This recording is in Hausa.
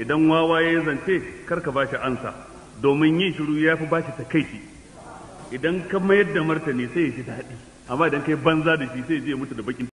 idan wawa ya zance karka ba shi ansa domin yin shiru ya fi ba shi ta takaici idan ka mayar da martani sai ya ji daɗi amma idan kai banza da shi sai ya je mutu da bakin